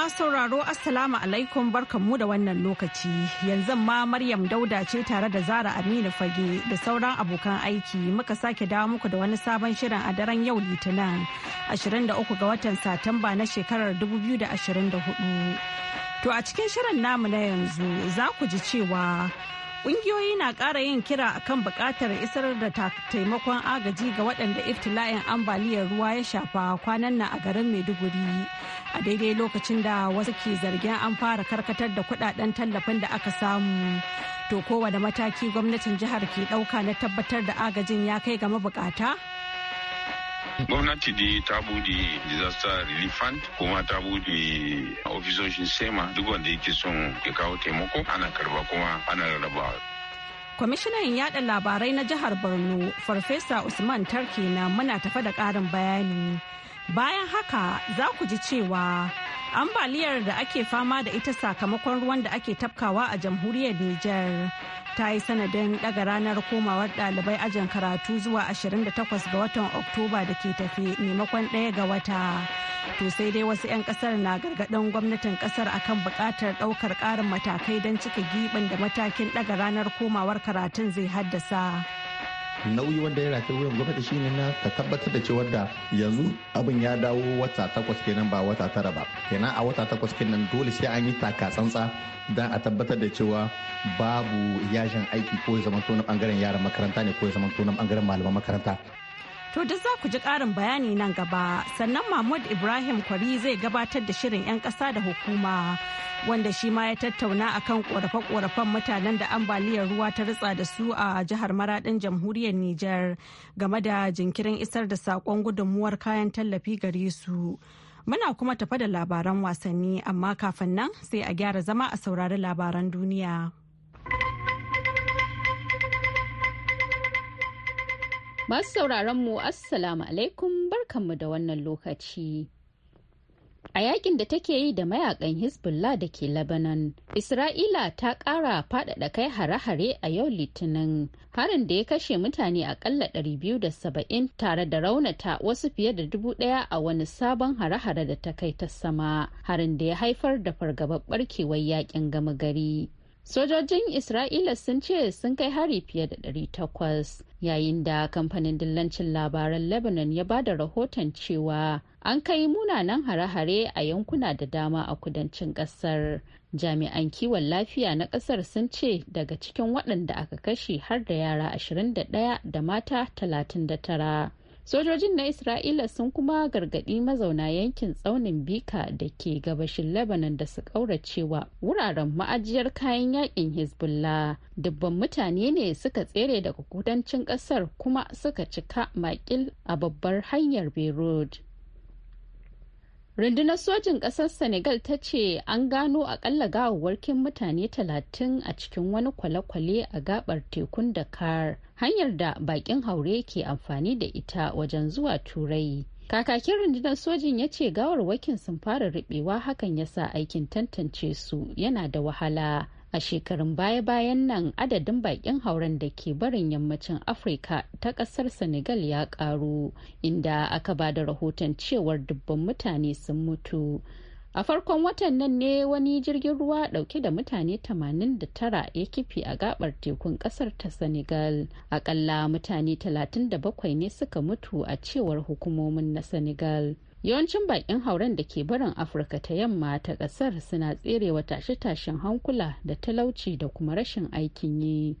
masu sauraro Assalamu alaikum barkanmu da wannan lokaci. Yanzu ma Maryam Dauda ce tare da Zara Aminu Fage da sauran abokan aiki muka sake dawo muku da wani sabon shirin a daren yau Litinin 23 ga watan Satumba na shekarar 2024. To a cikin shirin namu na yanzu za ku ji cewa Ƙungiyoyi na ƙara yin kira kan buƙatar isar da taimakon agaji ga waɗanda iftila'in ambaliyar ruwa ya shafa kwanan nan a garin Maiduguri. A daidai lokacin da wasu ke zargin an fara karkatar da kuɗaɗen tallafin da aka samu. To kowane mataki gwamnatin jihar ke ɗauka na tabbatar da agajin ya kai ga mabuƙata? gwamnati dai ta bude disaster relief fund kuma ta bude ofisoshin sema duk wanda yake son ya kawo taimako ana karba kuma ana rarrabawa kwamishinan yada labarai na jihar borno farfesa usman tarki na muna tafa da karin bayani bayan haka za ku ji cewa ambaliyar da ake fama da ita sakamakon ruwan da ake tafkawa a jamhuriyar niger ta yi sanadin daga ranar komawar ɗalibai ajin karatu zuwa 28 ga watan oktoba da ke tafi maimakon ɗaya ga wata to sai dai wasu 'yan kasar na gargaɗin gwamnatin kasar akan buƙatar ɗaukar ƙarin matakai don cika giɓin da matakin daga ranar komawar karatun zai haddasa. nauyi wanda ya rataye wuyan gwamnati shine na ta tabbatar da cewa da yanzu abin ya dawo wata takwas kenan ba wata tara ba kenan a wata takwas kenan dole sai an yi taka tsantsa don a tabbatar da cewa babu yajin aiki ko ya zama na bangaren yaran makaranta ne ko ya zama na bangaren malaman makaranta To duk za ku ji ƙarin bayani nan gaba sannan Mahmud Ibrahim Kwari zai gabatar da shirin 'yan ƙasa da hukuma wanda shi ma ya tattauna a kan ƙorafe-ƙorafen mutanen da ambaliyar ruwa ta ritsa da su a jihar maraɗin jamhuriyar Nijar game da jinkirin isar da saƙon gudunmuwar kayan tallafi gare su. Muna kuma tafa da labaran wasanni amma kafin nan sai a gyara zama a saurari labaran duniya. Masu sauraron mu Assalamu alaikum barkanmu da wannan lokaci. A yakin da take yi da mayakan Hezbollah da ke Lebanon, Isra'ila ta ƙara faɗaɗa kai hare-hare a yau Litinin, harin da ya kashe mutane aƙalla 270 tare da raunata wasu fiye da dubu ɗaya a wani sabon hare-hare da ta kai ta sama, harin da ya haifar da fargabar barkewar yakin gama gari. Sojojin Isra'ila sun ce sun kai hari fiye da 800 yayin da kamfanin dillancin labaran Lebanon ya bada rahoton cewa an kai munanan hare-hare a yankuna da dama a kudancin kasar. Jami'an kiwon lafiya na kasar sun ce daga cikin waɗanda aka kashe har da yara 21 da mata 39. sojojin na isra'ila sun kuma gargaɗi mazauna yankin tsaunin bika da ke gabashin lebanon da su ƙauracewa wuraren ma'ajiyar kayan yakin hezbollah dubban mutane ne suka tsere daga kudancin ƙasar kuma suka cika makil a babbar hanyar beirut rundunar sojin ƙasar senegal ta ce an gano akalla gawawwarkin mutane talatin a cikin wani kwale-kwale a gabar tekun dakar hanyar da bakin haure ke amfani da ita wajen zuwa turai kakakin rundunar sojin ya ce gawarwakin sun fara ribewa hakan ya sa aikin tantance su yana da wahala a shekarun baya-bayan nan adadin bakin hauren da ke barin yammacin afirka ta kasar senegal ya karu inda aka ba da rahoton cewar dubban mutane sun mutu a farkon watan nan ne wani jirgin ruwa dauke da mutane 89 ya kifi a gabar tekun kasar ta senegal akalla mutane 37 ne suka mutu a cewar hukumomin na senegal yawancin bakin hauren da ke barin afirka ta yamma ta kasar suna tserewa tashe-tashen hankula da talauci da kuma rashin aikin yi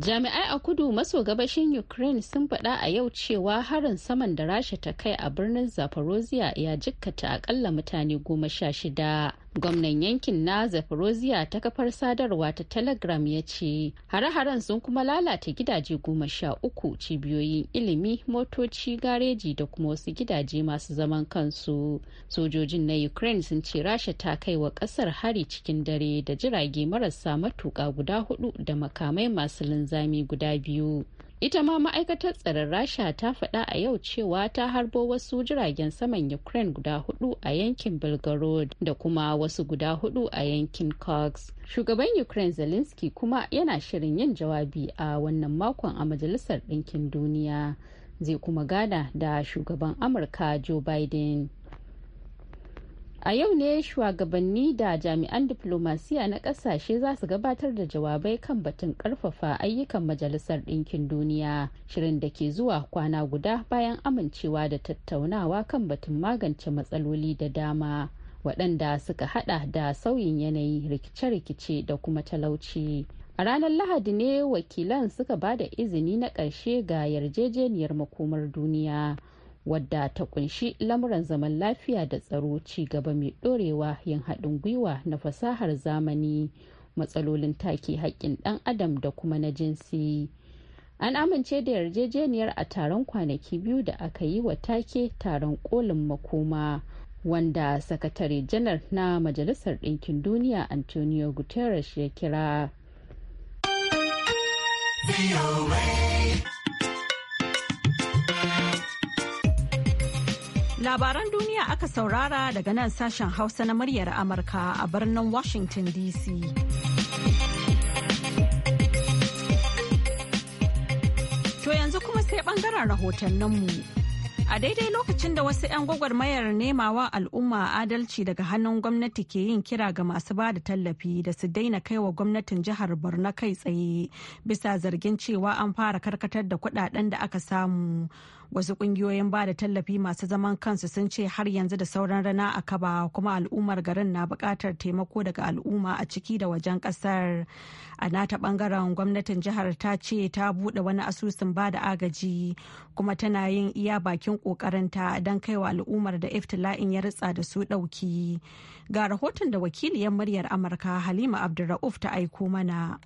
jami'ai a kudu maso gabashin ukraine sun faɗa a yau cewa harin saman da rasha ta kai a birnin zaporozhia ya jikkata akalla mutane goma sha shida gwamnan yankin na zaporozhia ta kafar sadarwa ta telegram ya ce hare-haren sun kuma lalata gidaje goma sha uku cibiyoyin ilimi motoci gareji da kuma wasu gidaje masu zaman kansu sojojin na ukraine sun ce rasha ta kai wa kasar hari cikin dare da jirage marasa matuka guda hudu da makamai masu linzami guda biyu ita ma ma'aikatar tsaron rasha ta faɗa a yau cewa ta harbo wasu jiragen saman ukraine guda hudu a yankin belgorod da kuma wasu guda hudu a yankin cox shugaban ukraine zelensky kuma yana shirin yin jawabi a wannan makon a majalisar ɗinkin duniya zai kuma gada da shugaban amurka joe biden A yau ne shugabanni da jami'an diflomasiya na kasashe za su gabatar da jawabai kan batun karfafa ayyukan Majalisar Ɗinkin Duniya, shirin da ke zuwa kwana guda bayan amincewa da tattaunawa kan batun magance matsaloli da dama, waɗanda suka hada da sauyin yanayi rikice-rikice da kuma talauci. A ranar Lahadi ne wakilan suka ba da izini na ƙarshe ga yarjejeniyar makomar duniya. wadda ta kunshi lamuran zaman lafiya da tsaro ci gaba mai dorewa yin haɗin gwiwa na fasahar zamani matsalolin take haƙƙin ɗan adam da kuma na jinsi an amince da yarjejeniyar a taron kwanaki biyu da aka yi wa take taron kolin makoma wanda sakatare janar na majalisar ɗinkin duniya antonio guterres ya kira. Labaran duniya aka saurara daga nan sashen Hausa na muryar Amurka a birnin Washington DC. To yanzu kuma sai bangaren rahotanninmu. A daidai lokacin da wasu 'yan gwagwarmayar nemawa al'umma adalci daga hannun gwamnati ke yin kira ga masu ba da tallafi da su daina kaiwa gwamnatin jihar Borno kai tsaye bisa zargin cewa an fara karkatar da kudaden da aka samu. wasu kungiyoyin ba da tallafi masu zaman kansu sun ce har yanzu da sauran rana a kaba kuma al'ummar garin na buƙatar taimako daga al'umma a ciki da wajen ƙasar a nata ɓangaren gwamnatin jihar ta ce ta buɗe wani asusun ba da agaji kuma tana yin iya bakin ƙoƙarinta don kaiwa al'ummar da iftila'in ya ritsa da su ɗauki ga rahoton da wakiliyar muryar amurka halima abdulra'uf ta aiko mana.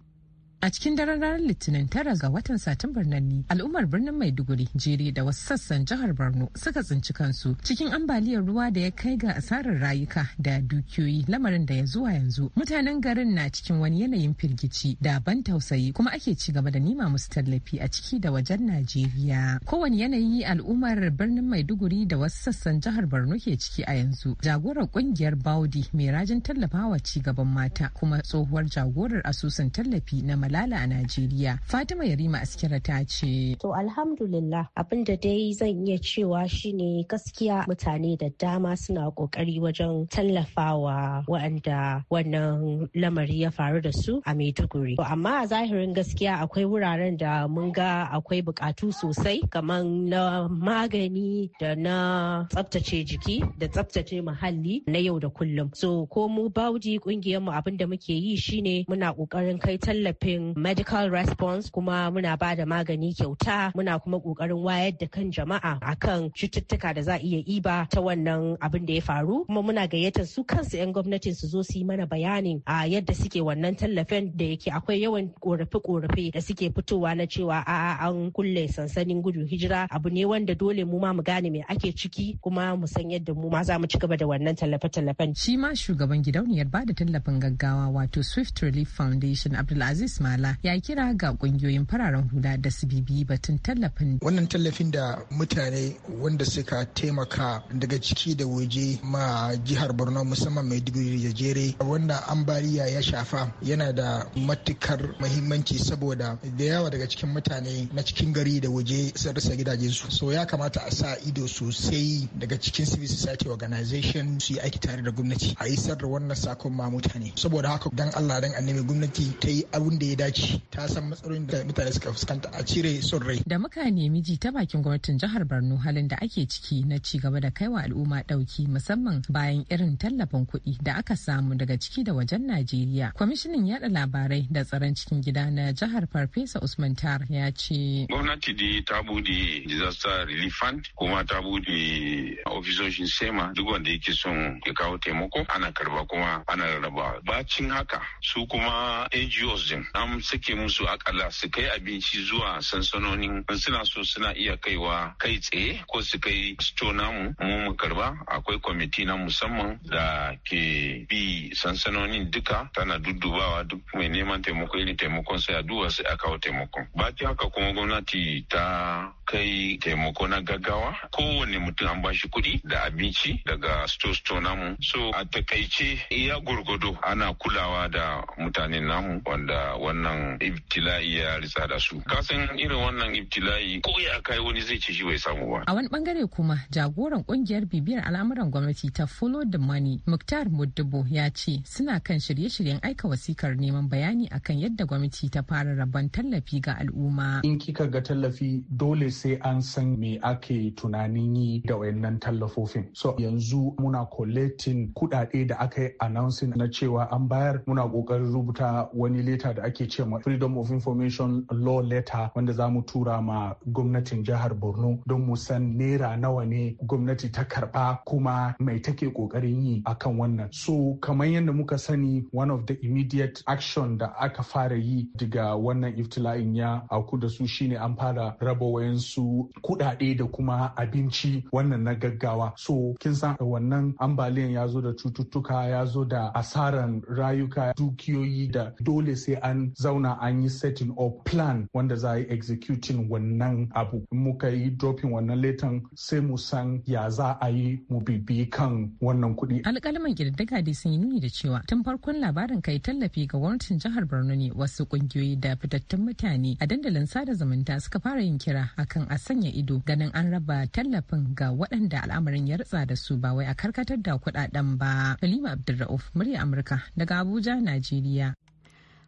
a cikin daren ranar litinin tara ga watan satumbar nan ne al'ummar birnin maiduguri jere da wasu sassan jihar borno suka tsinci kansu cikin ambaliyar ruwa da ya kai ga asarar rayuka da dukiyoyi lamarin da ya zuwa yanzu mutanen garin na cikin wani yanayin firgici da ban tausayi kuma ake ci gaba da nima musu tallafi a ciki da wajen najeriya kowane yanayi al'ummar birnin maiduguri da wasu sassan jihar borno ke ciki a yanzu jagorar kungiyar baudi mai rajin tallafawa ci gaban mata kuma tsohuwar jagorar asusun tallafi na Malala a Najeriya. Fatima Yarima Askira ta ce. To alhamdulillah abin da dai zan iya cewa shine gaskiya mutane da dama suna kokari wajen tallafawa waɗanda wannan lamari ya faru da su a Maiduguri. To amma a zahirin gaskiya akwai wuraren da mun ga akwai bukatu sosai kamar na magani da na tsabtace jiki da tsaftace muhalli na yau da kullum. So ko mu bauji kungiyarmu abin da muke yi shine muna kokarin kai tallafin rashin medical response kuma muna ba da magani kyauta muna kuma kokarin wayar da kan jama'a akan cututtuka da za a iya iba ta wannan abin da ya faru kuma muna gayyatar su kansu 'yan gwamnatin su zo su yi mana bayanin a yadda suke wannan tallafin da yake akwai yawan korafe-korafe da suke fitowa na cewa a an kulle sansanin gudun hijira abu ne wanda dole mu ma mu gane me ake ciki kuma mu san yadda mu ma za mu ci gaba da wannan tallafe-tallafen. Shi ma shugaban gidauniyar ba da tallafin gaggawa wato Swift Relief Foundation Abdulaziz ma Mala ya kira ga kungiyoyin fararen hula da su bibi batun tallafin. Wannan tallafin da mutane wanda suka taimaka daga ciki da waje ma jihar Borno musamman mai digiri da Jere wanda ambaliya ya shafa yana da matukar mahimmanci saboda da yawa daga cikin mutane na cikin gari da waje sun rasa su So ya kamata a sa ido sosai daga cikin civil society organization su yi aiki tare da gwamnati a yi da wannan sakon ma mutane. Saboda haka don Allah dan annabi gwamnati ta yi abin da ya dace ta san matsalolin da mutane suka fuskanta a cire son da muka nemi ji ta bakin gwamnatin jihar Borno halin da ake ciki na ci gaba da kaiwa al'umma dauki musamman bayan irin tallafin kuɗi da aka samu daga ciki da wajen Najeriya kwamishinan yada labarai da tsaron cikin gida na jihar Farfesa Usman Tar ya ce gwamnati dai ta bude disaster relief fund kuma ta bude ofisoshin sema duk wanda yake son ya kawo taimako ana karba kuma ana rarraba bacin haka su kuma NGOs din an sake musu akalla su kai abinci zuwa sansanonin suna so suna iya kaiwa kai tsaye ko su kai sto namu mu mu karba akwai kwamiti na musamman da ke bi sansanonin duka tana duddubawa duk mai neman taimako irin taimakon sai a duba sai a kawo taimakon baki haka kuma gwamnati ta kai taimako na gaggawa kowane mutum an bashi kuɗi da abinci daga sto-sto namu so a takaice iya gurgudu ana kulawa da mutanen namu wanda wannan ibtila'i ya ritsa da su kasan irin wannan ibtila'i ko ya kai wani zai ci shi bai samu ba a wani bangare kuma jagoran kungiyar bibiyar al'amuran gwamnati ta follow the money muktar muddubo ya ce suna kan shirye-shiryen aika wasikar neman bayani akan yadda gwamnati ta fara rabon tallafi ga al'umma in kika ga tallafi dole sai an san me ake tunanin yi da wayannan tallafofin so yanzu muna collecting kudade da aka yi announcing na cewa an bayar muna kokarin rubuta wani leta da ake ake ce freedom of information law letter wanda za mu tura ma gwamnatin jihar borno don mu san naira nawa ne gwamnati ta karba kuma mai take kokarin yi akan wannan so kamar yadda muka sani one of the immediate action da aka fara yi daga wannan iftila'in ya aku da su shine an fara raba wayansu kudade da kuma abinci wannan na gaggawa so kin san wannan ambaliyan ya zo da cututtuka ya zo da asaran rayuka dukiyoyi da dole sai an zauna an yi setting up plan wanda za a yi executing wannan abu in muka yi dropping wannan letan sai mu san ya za a yi mu bibi kan wannan kuɗi. alƙalman ƙididdiga dai sun yi nuni da cewa tun farkon labarin kai tallafi ga gwamnatin jihar borno ne wasu ƙungiyoyi da fitattun mutane a dandalin sada zumunta suka fara yin kira akan a sanya ido ganin an raba tallafin ga waɗanda al'amarin ya ritsa da su ba wai a karkatar da kuɗaɗen ba. Halima Abdulra'uf, murya Amurka daga Abuja, Najeriya.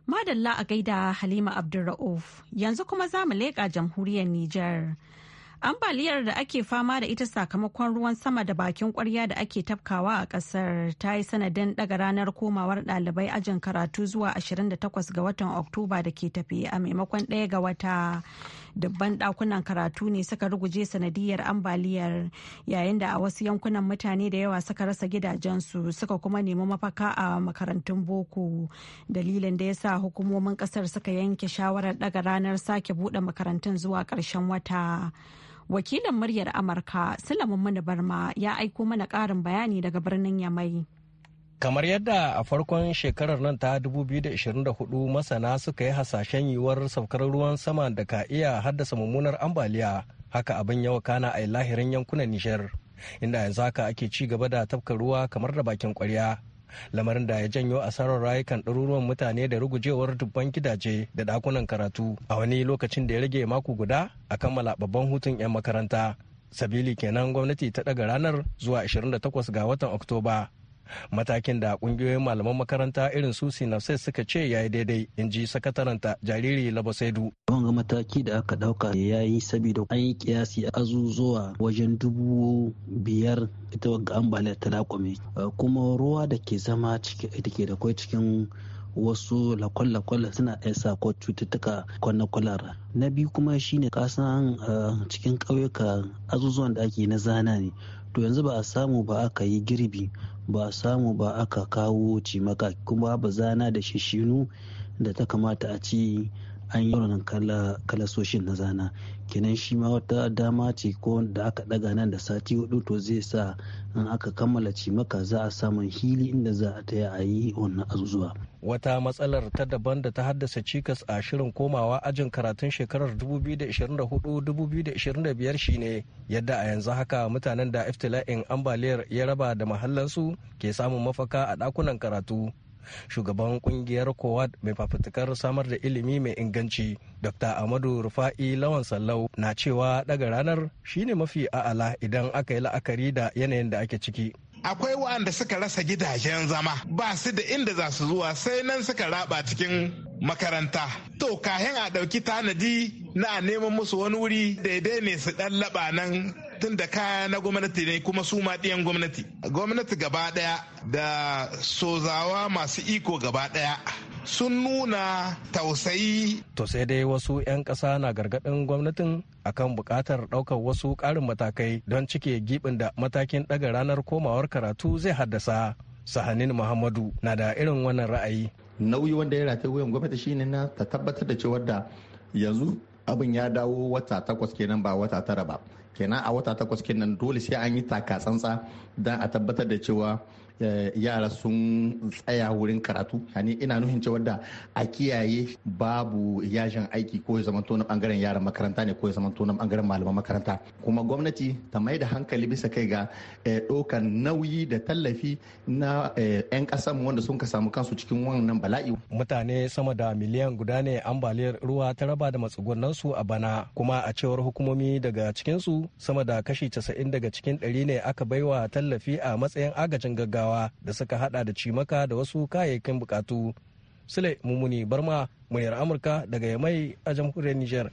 Madalla a gaida Halima Abdulra'uf yanzu kuma za mu leƙa jamhuriyar Nijar. Ambaliyar da ake fama da ita sakamakon ruwan sama da bakin ƙwarya da ake tafkawa a ƙasar ta yi sanadin ɗaga ranar komawar ɗalibai ajin karatu zuwa 28 ga watan Oktoba da ke tafi a maimakon ɗaya ga wata. dubban dakunan karatu ne suka ruguje sanadiyar ambaliyar yayin da a wasu yankunan mutane da yawa suka rasa gidajensu suka kuma nemi mafaka a makarantun boko dalilin da ya sa hukumomin kasar suka yanke shawarar daga ranar sake bude makarantun zuwa karshen wata. wakilin muryar amurka sulaiman mana barma ya aiko mana karin bayani daga birnin yamai kamar yadda a farkon shekarar nan ta 2024 masana suka yi hasashen yiwuwar saukar ruwan sama da ka iya haddasa mummunar ambaliya haka abin yawa kana a lahirin yankunan nishar inda yanzu haka ake ci gaba da tafka ruwa kamar da bakin kwarya lamarin da ya janyo asarar rayukan ɗaruruwan mutane da rugujewar dubban gidaje da ɗakunan karatu a wani lokacin da ya rage mako guda a kammala babban hutun 'yan makaranta sabili kenan gwamnati ta ɗaga ranar zuwa 28 ga watan oktoba matakin da kungiyoyin malaman makaranta irin su sinapses suka ce ya yi daidai in ji sakataranta jariri labasaidu wanga mataki da aka dauka ya yi saboda an yi kiyasi azuzuwa wajen dubu biyar ita wagga ambaliyar ta dakwame kuma ruwa da ke zama da ke da kwai cikin wasu lakwal suna ɗaya sako cututtuka kwana na biyu kuma shine kasan eh, cikin ƙauyuka azuzuwan da ake na zana ne to yanzu ba a samu ba aka yi girbi ba a samu ba aka kawo cimaka kuma ba zana da shishinu da ta kamata a ci an yi kala soshin na zana kenan shi ma wata dama ce ko da aka daga nan da sati hudu to zai sa in aka kammala cimaka za a samun hili inda za a taya a yi wannan azuzuwa wata matsalar ta daban da ta haddasa cikas a shirin komawa ajin karatun shekarar 2024-2025 shine yadda a yanzu haka mutanen da iftila'in ambaliyar ya raba da mahallansu ke samun mafaka a dakunan karatu shugaban kungiyar kowad mai fafutukar samar da ilimi mai inganci dr amadu rufa'i lawan sallau na cewa daga ranar shine mafi a'ala idan aka yi la'akari da yanayin da ake ciki akwai waɗanda suka rasa gidajen zama ba su da inda za su zuwa sai nan suka raba cikin makaranta to kahin a ɗauki tanadi na a neman musu wani wuri daidai ne su ɗan laɓa nan tun da kaya na gwamnati ne kuma su ma ɗiyan gwamnati gwamnati gaba ɗaya da sozawa masu iko gaba ɗaya sun nuna tausayi. To sai dai wasu 'yan ƙasa na gargaɗin gwamnatin akan buƙatar ɗaukar wasu ƙarin matakai don cike gibin da matakin ɗaga ranar komawar karatu zai haddasa. Sahanin Muhammadu na da irin wannan ra'ayi. Nauyi wanda ya rataye wuyan gwamnati shine na ta tabbatar da cewar da yanzu abin ya dawo wata takwas kenan ba wata tara ba. Kenan a wata takwas kenan dole sai an yi taka tsantsa don a tabbatar da cewa yara sun tsaya wurin karatu yani ina nufin cewa da a kiyaye babu yajin aiki ko ya na bangaren yaran makaranta ne ko ya zamanto na bangaren malaman makaranta kuma gwamnati ta mai da hankali bisa kai ga eh, ɗaukan nauyi da tallafi na 'yan eh, ƙasar wanda sun ka samu kansu cikin wannan bala'i mutane sama da miliyan guda ne ambaliyar ruwa ta raba da matsugunan su a bana kuma a cewar hukumomi daga cikinsu sama da kashi 90 daga cikin 100 ne aka baiwa tallafi a matsayin agajin gaggawa gaggawa da suka hada da cimaka da wasu kayayyakin bukatu. Sule Mumuni Barma, muryar Amurka daga Yamai a jamhuriyar Nijar.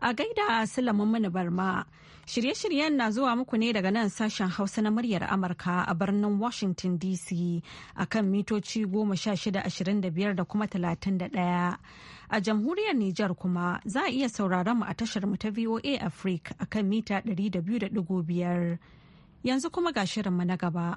A gaida Sule Mumuni Barma, shirye-shiryen na zuwa muku ne daga nan sashen Hausa na muryar Amurka a birnin Washington DC a kan mitoci 1625 da kuma 31. A jamhuriyar Nijar kuma za a iya sauraron mu a tashar mu ta VOA Africa a kan mita 200.5. Yanzu kuma ga shirinmu na gaba.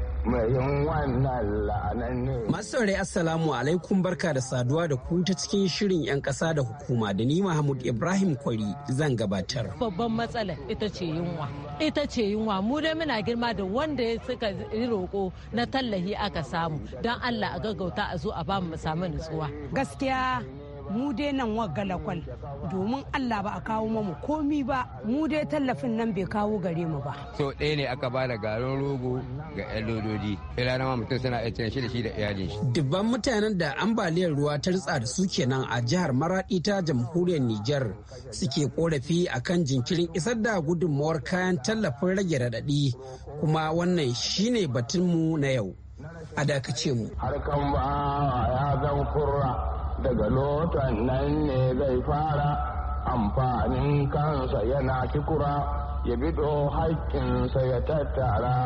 Masu saurari Assalamu alaikum barka da saduwa da ku ta cikin shirin 'yan ƙasa da hukuma da ni Mahmud Ibrahim Kwari zan gabatar. Babban matsala ita ce yunwa. Ita ce yunwa mu dai muna girma da wanda ya suka yi roƙo na tallahi aka samu don Allah a gaggauta a zo a bamu mu samu nutsuwa. Gaskiya mu dai nan galakwal domin allah ba a kawo mamu komi ba mu dai tallafin nan bai kawo gare mu ba so ɗaya ne aka ba da garin rogo ga yan lododi ranar ma mutum suna aikin shi da shi da iyalin shi dubban mutanen da ambaliyar ruwa ta ritsa da su kenan a jihar maradi ta jamhuriyar niger suke korafi akan jinkirin isar da gudunmawar kayan tallafin rage raɗaɗi kuma wannan shine batun mu na yau a dakace mu. Harkan ba ya zan kurra daga lotan nan ne zai fara amfanin kansa yana kikura ya bido haƙƙinsa ya tattara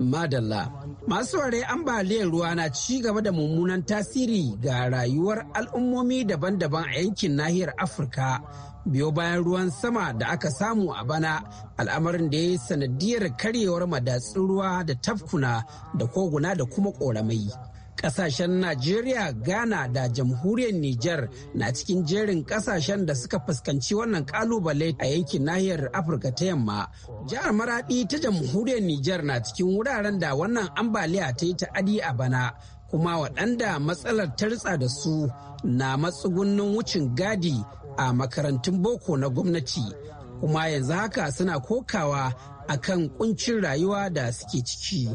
Madalla, masu ware ambaliyar ruwa na ci gaba da mummunan tasiri ga rayuwar al'ummomi daban-daban a yankin nahiyar Afirka. Biyo bayan ruwan sama da aka samu a bana, al'amarin da ya yi sanadiyar karyewar madatsun ruwa da tafkuna da koguna da kuma koramai Ƙasashen Najeriya, Ghana da jamhuriyar Nijar na cikin jerin ƙasashen da suka fuskanci wannan ƙalubale a yankin nahiyar Afirka ta yamma. Jihar Maraɗi ta jamhuriyar Nijar na cikin wuraren da wannan ambaliya ta yi ta'adi a bana. kuma waɗanda matsalar ta ritsa da su na matsugunnin wucin gadi a makarantun boko na gwamnati kuma yanzu haka suna kokawa akan kuncin rayuwa da suke ciki.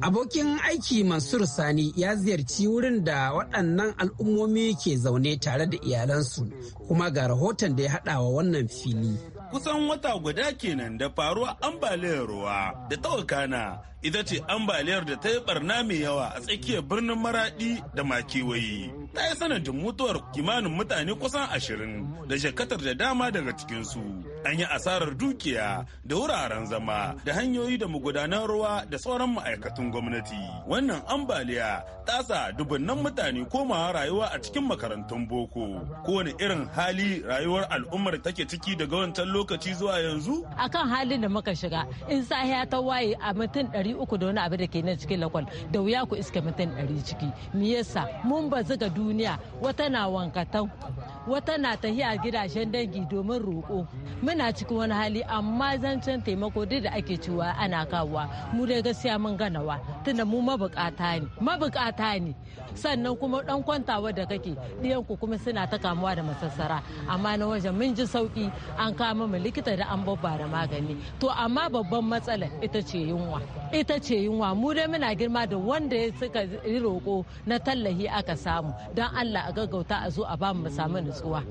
Abokin aiki Mansur Sani ya ziyarci wurin da waɗannan al'ummomi ke zaune tare da iyalansu kuma ga rahoton da ya haɗa wa wannan fili. Kusan wata guda kenan da faruwa ambaliyar ruwa da tawakana ita ce ambaliyar da ta yi barna mai yawa a tsakiyar birnin maradi da makewayi ta yi sanadin mutuwar kimanin mutane kusan ashirin da shekatar da dama daga cikinsu an yi asarar dukiya da wuraren zama da hanyoyi da magudanan ruwa da sauran ma'aikatan gwamnati wannan ambaliya ta sa dubunnan mutane komawa rayuwa a cikin makarantun boko kowane irin hali rayuwar al'ummar take ciki daga wancan lokaci zuwa yanzu akan halin da muka shiga in sahiya ta waye a mutum ɗari uku da wani abu da ke nan cikin lakwal da wuya ku iska mutum ɗari ciki me yasa mun bazu ga duniya wata na wankatau wata na tahiya gidajen dangi domin roƙo muna cikin wani hali amma zancen taimako duk da ake cewa ana kawowa mu dai gaskiya mun ganawa tunda mu mabukata ne mabukata ne sannan kuma dan kwantawa da kake ɗiyanku kuma suna ta kamuwa da masassara amma na wajen mun ji sauki an kama mu likita da an babba da magani to amma babban matsala ita ce yunwa ita ce yunwa mu dai muna girma da wanda ya suka yi roƙo na tallahi aka samu don allah a gaggauta a zo a bamu mu samu nutsuwa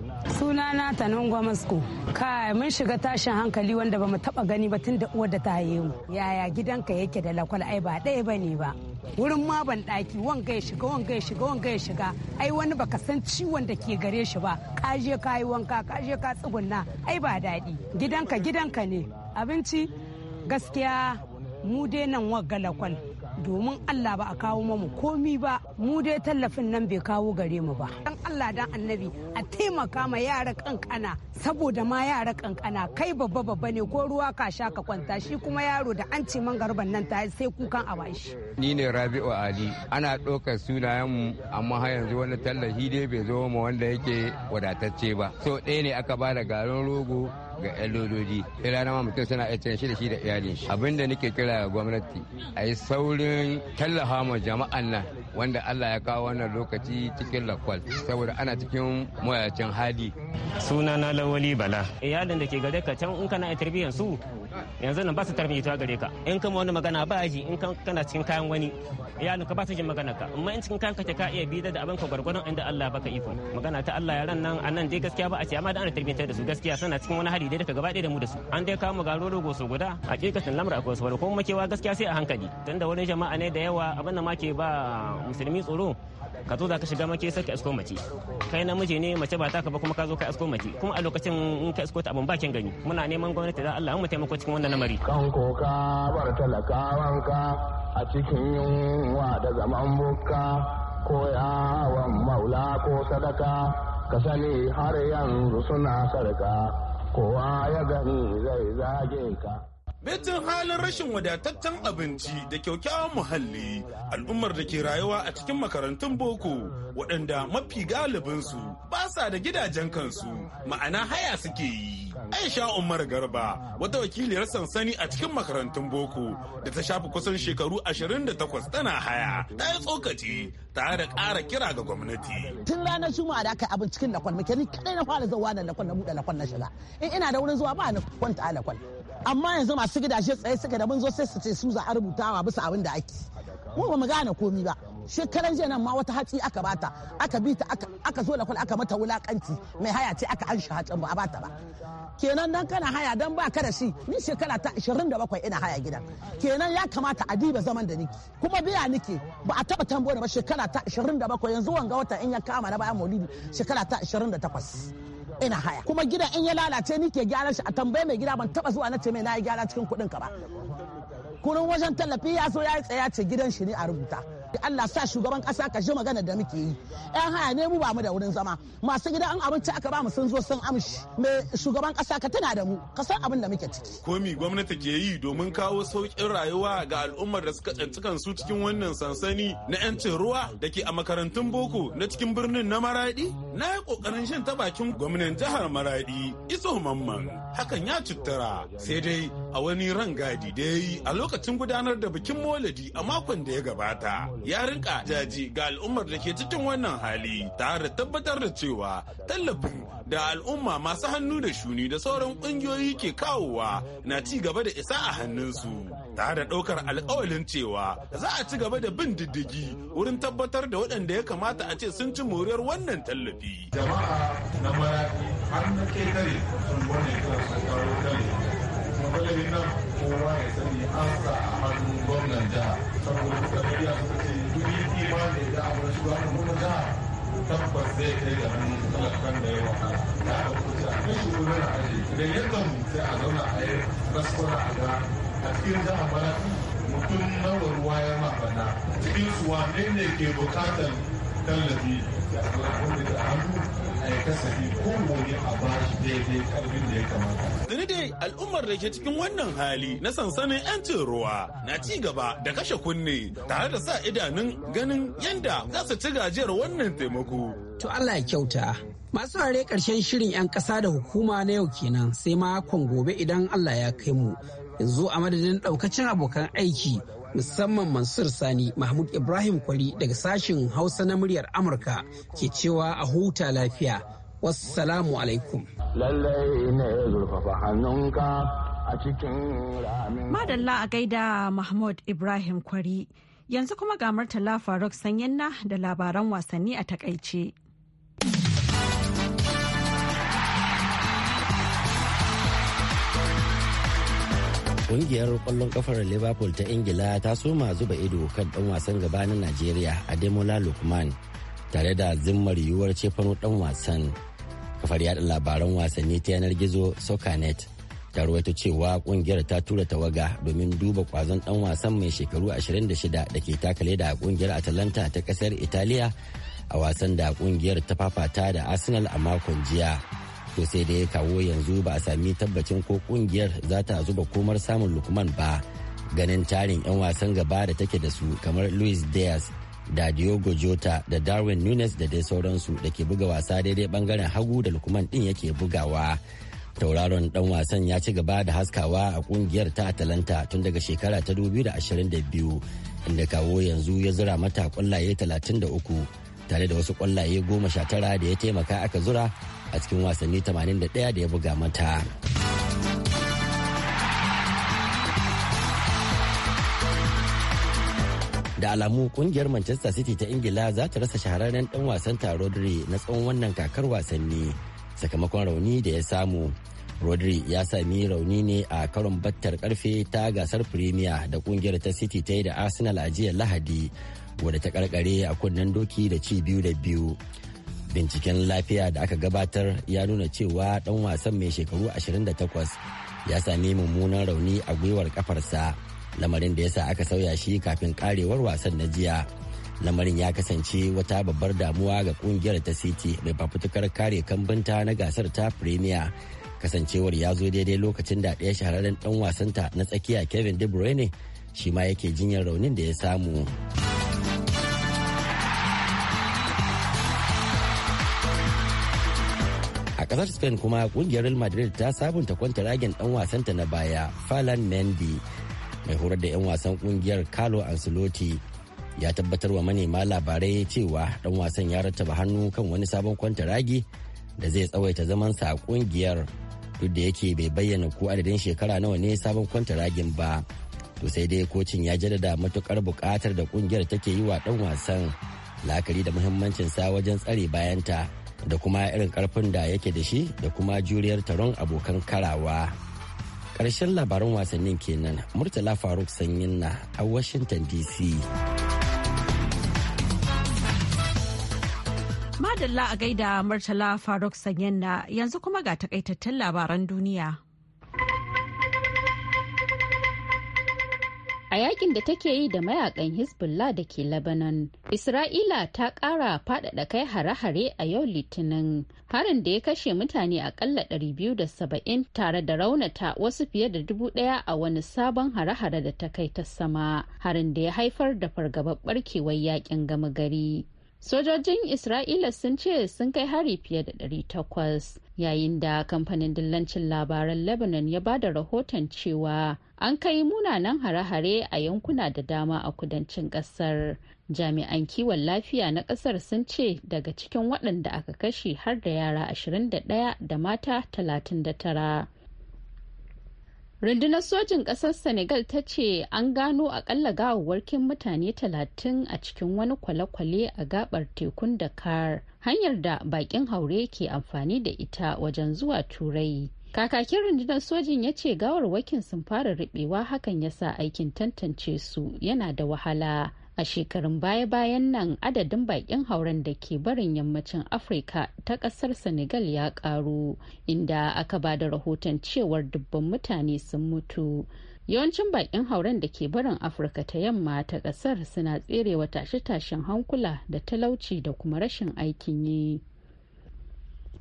na tanan gwamasko kai mun shiga tashin hankali wanda bamu taɓa gani ba tun da uwar da ta haye mu yaya gidanka yake da lakwal ai ba ɗaya bane ba wurin ma ban ɗaki wanga ya shiga wanga ya shiga wanga ya shiga ai wani baka san ciwon da ke gare shi ba kaje ka yi wanka kaje ka tsugunna ai ba daɗi gidanka gidanka ne abinci gaskiya mu dai nan wagalakwal domin Allah ba a kawo mamu komi ba mu dai tallafin nan bai kawo gare mu ba dan Allah dan annabi a taimaka ma yara kankana saboda ma yara kankana kai babba babba ne ko ruwa ka sha ka kwanta shi kuma yaro da an ce man garban nan ta sai kukan a bashi ni ne Rabi'u Ali ana ɗaukar sunayen mu amma har yanzu wani tallafi dai bai zo ma wanda yake wadatacce ba so ɗaya ne aka ba da garin rogo ga 'yan lododi rana ma mutum suna aikin shi da shi da iyalin shi da nake kira ga gwamnati a yi saurin tallafa ma jama'an nan wanda Allah ya kawo wannan lokaci cikin lakwal saboda ana cikin mayacin hali sunana lawali bala iyalin da ke gare ka can in kana tarbiyyar su yanzu nan ba su tarbiyyatuwa gare ka in kama wani magana ba ji in kana cikin kayan wani iyalin ka ba su jin magana ka amma in cikin kayan ka ka iya bida da abin ka gwargwaron inda Allah baka iko magana ta Allah yaran nan a nan dai gaskiya ba a ce amma da ana tarbiyyantar da su gaskiya suna cikin wani hali dai daga gaba da mu da su an dai kawo mu garo rogo su guda a kikatin lamar akwai su kuma makewa gaskiya sai a hankali tunda wani jama'a ne da yawa abin da ma ke ba musulmi tsoro ka zo za ka shiga mace sai ka isko mace kai namiji ne mace ba ka ba kuma ka zo ka isko mace kuma a lokacin in ka isko ta abun bakin gani muna neman gwamnati da Allah mu taimako cikin wannan lamari kan koka bar talakawanka a cikin yunwa da zaman buka ko yawon maula ko sadaka ka sani har yanzu suna sarka kowa ya gani zai zage ka Betin halin rashin wadataccen abinci da kyaukyawan muhalli al'ummar da ke rayuwa a cikin makarantun boko waɗanda mafi galibinsu ba sa da gidajen kansu ma'ana haya suke yi. Aisha Umar Garba wata wakiliyar sansani a cikin makarantun boko da ta shafi kusan shekaru 28 tana haya ta yi tsokaci tare da ƙara kira ga gwamnati. Tun ranar Juma'a da aka abin cikin lakwal muke ni kadai na fara zuwa da lakwal na buɗe lakwal na shiga. In ina da wurin zuwa ba na kwanta a lakwal. amma yanzu masu gidaje tsaye suka da mun zo sai su ce su za a rubutawa bisa abin da ake mu ba mu gane komi ba shekaran jiya nan ma wata hatsi aka bata aka bi ta aka zo da kwal aka mata wulakanci mai haya ce aka an hatsin ba a bata ba kenan dan kana haya dan ba ka da shi ni shekara ta 27 ina haya gidan kenan ya kamata a diba zaman da niki kuma biya nike ba a taba tambo da ba shekara ta 27 yanzu wanga wata in ya kama na bayan maulidi shekara ta 28 ina haya kuma gidan in ya lalace ni ke gyara shi a tambaye mai gida ban taba zuwa na ce mai na yi gyara cikin kudin ka ba kunun wajen tallafi ya so ya yi tsaya ce gidan shi ne a rubuta Allah sa shugaban kasa ka ji magana da muke yi yan haya ne mu ba mu da wurin zama masu gida an abinci aka ba mu sun zo sun amshi me shugaban kasa ka tana da mu ka san abin da muke ciki komi gwamnati ke yi domin kawo saukin rayuwa ga al'ummar da suka tsanci kansu cikin wannan sansani na 'yancin ruwa da ke a makarantun boko na cikin birnin na maradi na yi ƙoƙarin shan ta bakin gwamnan jihar maradi iso mamman hakan ya cuttara sai dai a wani rangadi da ya yi a lokacin gudanar da bikin moladi a makon da ya gabata ya rinka jaji ga al'ummar da ke cikin wannan hali tare da tabbatar da cewa tallafin da al'umma masu hannu da shuni da sauran kungiyoyi ke kawowa na ci gaba da isa a hannunsu tare da ɗaukar alkawalin cewa za a ci gaba da bin diddigi wurin tabbatar da waɗanda ya kamata a ce sun ci moriyar wannan tallafi. Jama'a na har na ke sun gwane kan sun nan kowa ya sani an sa a hannun gwamnan jiha saboda suka tafiya suka tabbas zai kai da hannun talakan da ya wahala da aka kuce a kai wurin a da yadda mu a zauna a yi raskura a ga a cikin jihar barafi mutum nawa ruwa ya mafana cikin su wane ne ke bukatar tallafi da alamun da hannu a kasafi a shi daidai karfin da ya kamata. Tuni dai al'ummar da ke cikin wannan hali na sansanin 'yancin ruwa na ci gaba da kashe kunne tare da sa idanun ganin yadda za su ci gajiyar wannan taimako. To Allah ya kyauta. Masu hare karshen shirin 'yan kasa da hukuma na yau kenan sai makon gobe idan Allah ya kai mu. Yanzu a madadin ɗaukacin abokan aiki musamman Mansur Sani Mahmud Ibrahim Kwari daga sashin Hausa na muryar Amurka ke cewa a huta lafiya. Wassalamu alaikum. Lallai ne zurfafa hannunka a cikin ramin. Madalla a gaida Mahmud Ibrahim Kwari. Yanzu kuma ga Murtala Faruk Sanyin da labaran wasanni a takaice. Kungiyar kwallon kafar Liverpool ta Ingila ta soma zuba ido kan dan wasan gaba na Najeriya Ademola Lukman tare da zimmar yiwuwar cefano dan wasan. Kafar yada labaran wasanni ta yanar gizo Socanet ta ruwaito cewa kungiyar ta tura tawaga domin duba kwazon dan wasan mai shekaru 26 da ke takale da kungiyar Atalanta ta kasar Italiya a wasan da kungiyar ta fafata da Arsenal a makon jiya. to sai da ya kawo yanzu ba a sami tabbacin ko kungiyar za ta zuba komar samun lukman ba ganin tarin 'yan wasan gaba da take da su kamar luis diaz da diogo jota da darwin nunes da dai sauransu da ke buga wasa daidai bangaren hagu da lukman din yake bugawa tauraron dan wasan ya ci gaba da haskawa a kungiyar ta atalanta tun daga shekara ta 2022 inda kawo yanzu ya zura mata kwallaye 33 tare da wasu kwallaye tara da ya taimaka aka zura a cikin wasanni 81 da ya buga mata. da alamu kungiyar manchester city ta ingila za ta rasa shahararren dan wasan ta rodri na tsawon wannan kakar wasanni sakamakon rauni da ya samu rodri ya sami rauni ne a karon battar karfe ta gasar premier da kungiyar ta city ta yi da arsenal a jiya lahadi wadda ta karkare a kunnen doki da ci biyu da biyu binciken lafiya da aka gabatar ya nuna cewa dan wasan mai shekaru 28 ya sami mummunan rauni a gwiwar kafarsa lamarin da ya sa aka sauya shi kafin karewar wasan na jiya lamarin ya kasance wata babbar damuwa ga kungiyar ta city mai fafutukar kare kambinta na gasar ta premier kasancewar ya zo daidai lokacin da ɗaya shahararren dan wasanta na tsakiya kevin de bruyne shi ma yake jinyar raunin da ya samu. kasar spain kuma kungiyar real madrid ta sabunta kwanta ragin dan wasanta na baya falan mendy mai horar da 'yan wasan kungiyar carlo ancelotti ya tabbatar wa manema labarai cewa dan wasan ya rattaba hannu kan wani sabon ragi da zai tsawaita zamansa a kungiyar duk da yake bai bayyana ko adadin shekara nawa ne sabon kwanta ragin ba to sai dai kocin ya jaddada matukar bukatar da kungiyar take yi wa dan wasan lakari da muhimmancin sa wajen tsare bayanta da kuma irin karfin da yake da shi da kuma juriyar taron abokan karawa ƙarshen labaran wasannin kenan murtala faruk sanyin na a washington dc madalla a gaida murtala faruk sanyin na yanzu kuma ga takaitattun labaran duniya a yakin da take yi da mayakan hezbollah da ke lebanon isra'ila ta kara faɗaɗa kai hare-hare a yau litinin harin da ya kashe mutane akalla 270 tare da raunata wasu fiye da dubu ɗaya a wani sabon hare-hare da ta kai ta sama harin da ya haifar da fargabar barkewar yakin gama gari sojojin isra'ila sun ce sun kai hari fiye da 800 yayin da kamfanin dillancin labaran lebanon ya ba da rahoton cewa an kai munanan hare-hare a yankuna da dama a kudancin kasar jami'an kiwon lafiya na kasar sun ce daga cikin waɗanda aka kashe har da yara 21 da mata 39 rundunar sojin ƙasar senegal ta ce an gano akalla gawawwarkin mutane talatin a cikin wani kwale-kwale a gabar tekun dakar hanyar da bakin haure ke amfani da ita wajen zuwa turai kakakin rundunar sojin ya ce gawarwakin sun fara ribewa hakan ya sa aikin tantance su yana da wahala a shekarun baya-bayan nan adadin bakin hauren da ke barin yammacin afirka ta kasar senegal ya karu inda aka ba da rahoton cewar dubban mutane sun mutu yawancin bakin hauren da ke barin afirka ta yamma ta kasar suna tsere wa tashe-tashen hankula da talauci da kuma rashin aikin yi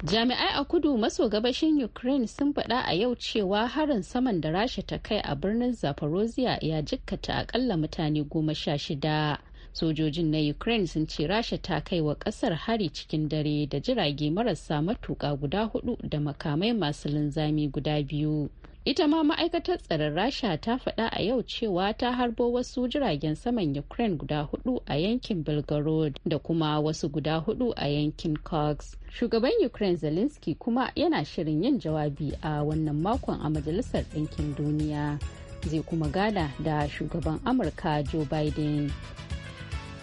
jami'ai a kudu maso gabashin ukraine sun faɗa a yau cewa harin saman da rasha ta kai a birnin zaporozhia ya jikkata akalla mutane goma sha shida sojojin na ukraine sun ce rasha ta kai wa kasar hari cikin dare da jirage marasa matuka guda hudu da makamai masu linzami guda biyu ita ma ma'aikatar tsaron rasha ta faɗa a yau cewa ta harbo wasu jiragen saman ukraine guda hudu a yankin belgorod da kuma wasu guda hudu a yankin cox shugaban ukraine zelensky kuma yana shirin yin jawabi a wannan makon a majalisar ɗinkin duniya zai kuma gada da shugaban amurka joe biden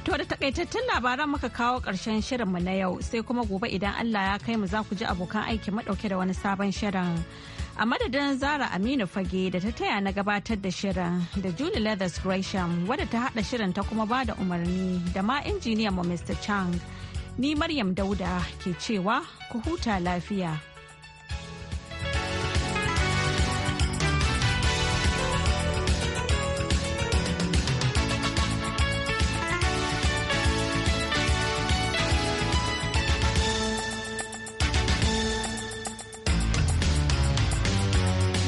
To da takaitattun labaran muka kawo ƙarshen mu na yau sai kuma gobe idan Allah ya kai mu za ku ji abokan aiki madauke da wani sabon shirin. A madadin Zara Aminu Fage da ta taya na gabatar da shirin da Julie Leathers Gresham wadda ta haɗa shirin ta kuma ba da umarni da ma injiniyan mu Mr. Chang. Ni Maryam Dauda ke cewa ku huta lafiya.